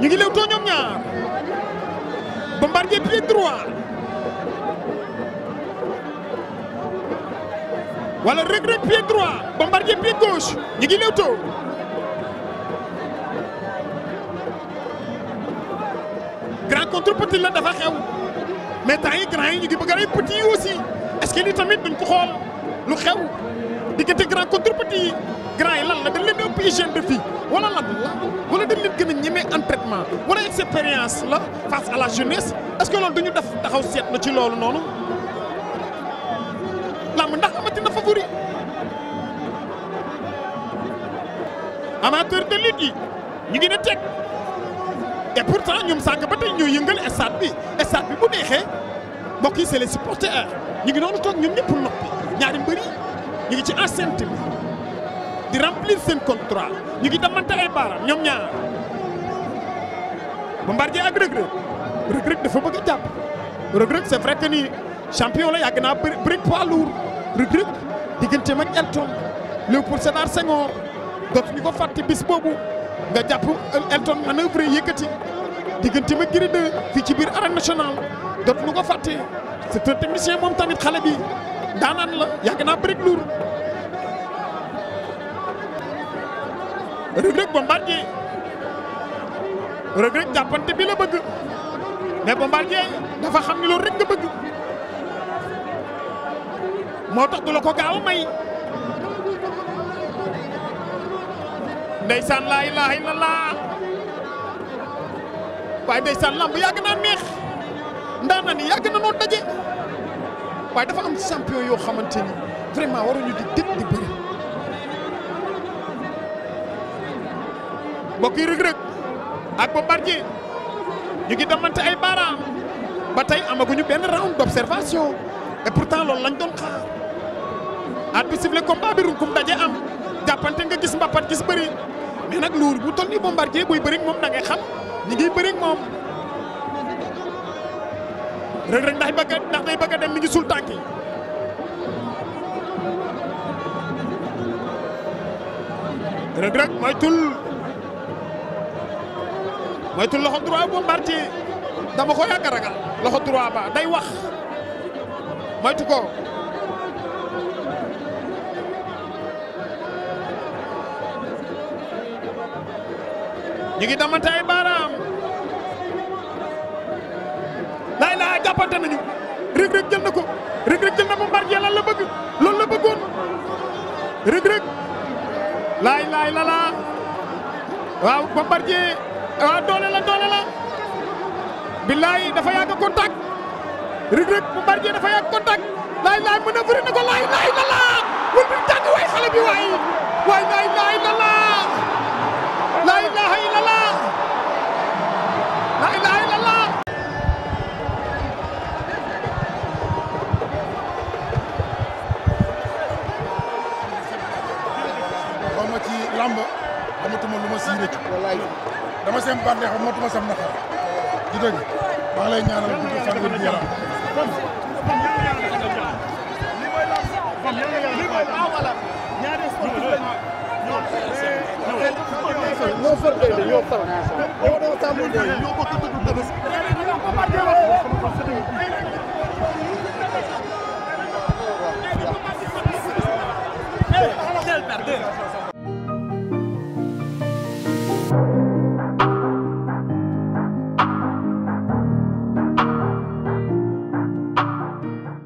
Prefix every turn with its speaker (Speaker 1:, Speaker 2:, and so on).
Speaker 1: ñu ngi lew too ñoom ñaar Bombardier pied droit wala regret pied droit Bombardier pied gauche ñu ngi lew too grand contre petit la dafa xew mais temps yi grand yi ñu ngi bëgg ay petit aussi est-ce qu'il est tamit duñ ko xool lu xew diggante grand contre petit grand yi lan la dañ leen ëpp hygiène de vie wala lan la wala dañ leen gën a ñemee entraînement wala expérience la face à la jeunesse est-ce que loolu duñu def taxaw seetlu ci loolu noonu lamb ndax amati na favori amateur de lutte yi ñu ngi na teg et pourtant ñoom sànq ba tey ñooy yëngal stade bi stade bi bu neexee mbokk yi c'est les supporters ñu ngi noonu toog ñoom ñëpp noppi ñaari mbëri ñu ngi ci enceinte bi di remplir seen contrat ñu ngi damante ay baaraam ñoom ñaar Bombardier ak Reug Reug Reug Reug dafa bëgg a jàpp Reug Reug c'est vrai que ni champion la yàgg naa bëri bëri poids lourd Reug Reug digganteem ak Elton Léopold Sédar Senghor dootu ñu ko fàtte bis boobu nga jàpp Elton manœuvre yëkkati digganteem ak Gris 2 fii ci biir arène nationale dootu ñu ko fàtte c'est un technicien moom tamit xale bi. danan la yak na bëri lour Reug Reug Bombardier Reug Reug jàppante bi la bëgg mais Bombardier dafa xam ni loolu rek nga bëgg moo tax du la ko gaaw may ndaysan la ilaha illallah waaye ndaysan lamb yak na neex ndana ni yak na no dajé waaye dafa am champion yoo xamante ni vraiment waruñu di tëj di bëri mbokk yi aku Reug ak Bombardier ñu ngi demante ay baaraam ba tey amaguñu round observasi. et pourtant loolu lañ doon xaar at bi sifflé combat bi runkum daje am jàppante nga gis mbappat gis bëri mais nag luur bu toll Bombardier buy bëri moom da ngay xam Reug Reug ndax bëgg ndax day bëgg a dem mi ngi suul tànk yi Reug moytul moytul loxo droit Bombardier dama ko a ragal loxo droit ba day wax moytu ko ñu ngi damante ay baara jàppante nañu Reug Reug jël na ko Reug jël na Bombardier lan la bëgg loolu la bëggoon Reug Reug laay laay la laa waaw Bombardier waaw ah, doole la doole la billaay dafa yàgg contact Reug Reug dafa yàgg contact laay laay mën a bëri na ko laay laay la laa wul bi tàgg waay xale bi làmb amatuma lu ma siy rëccu dama seen bànneex amatuma sam naqar di dëgg maa ngi lay ñaanal gudd fan wér gu yaram ñoo far day de ñoo you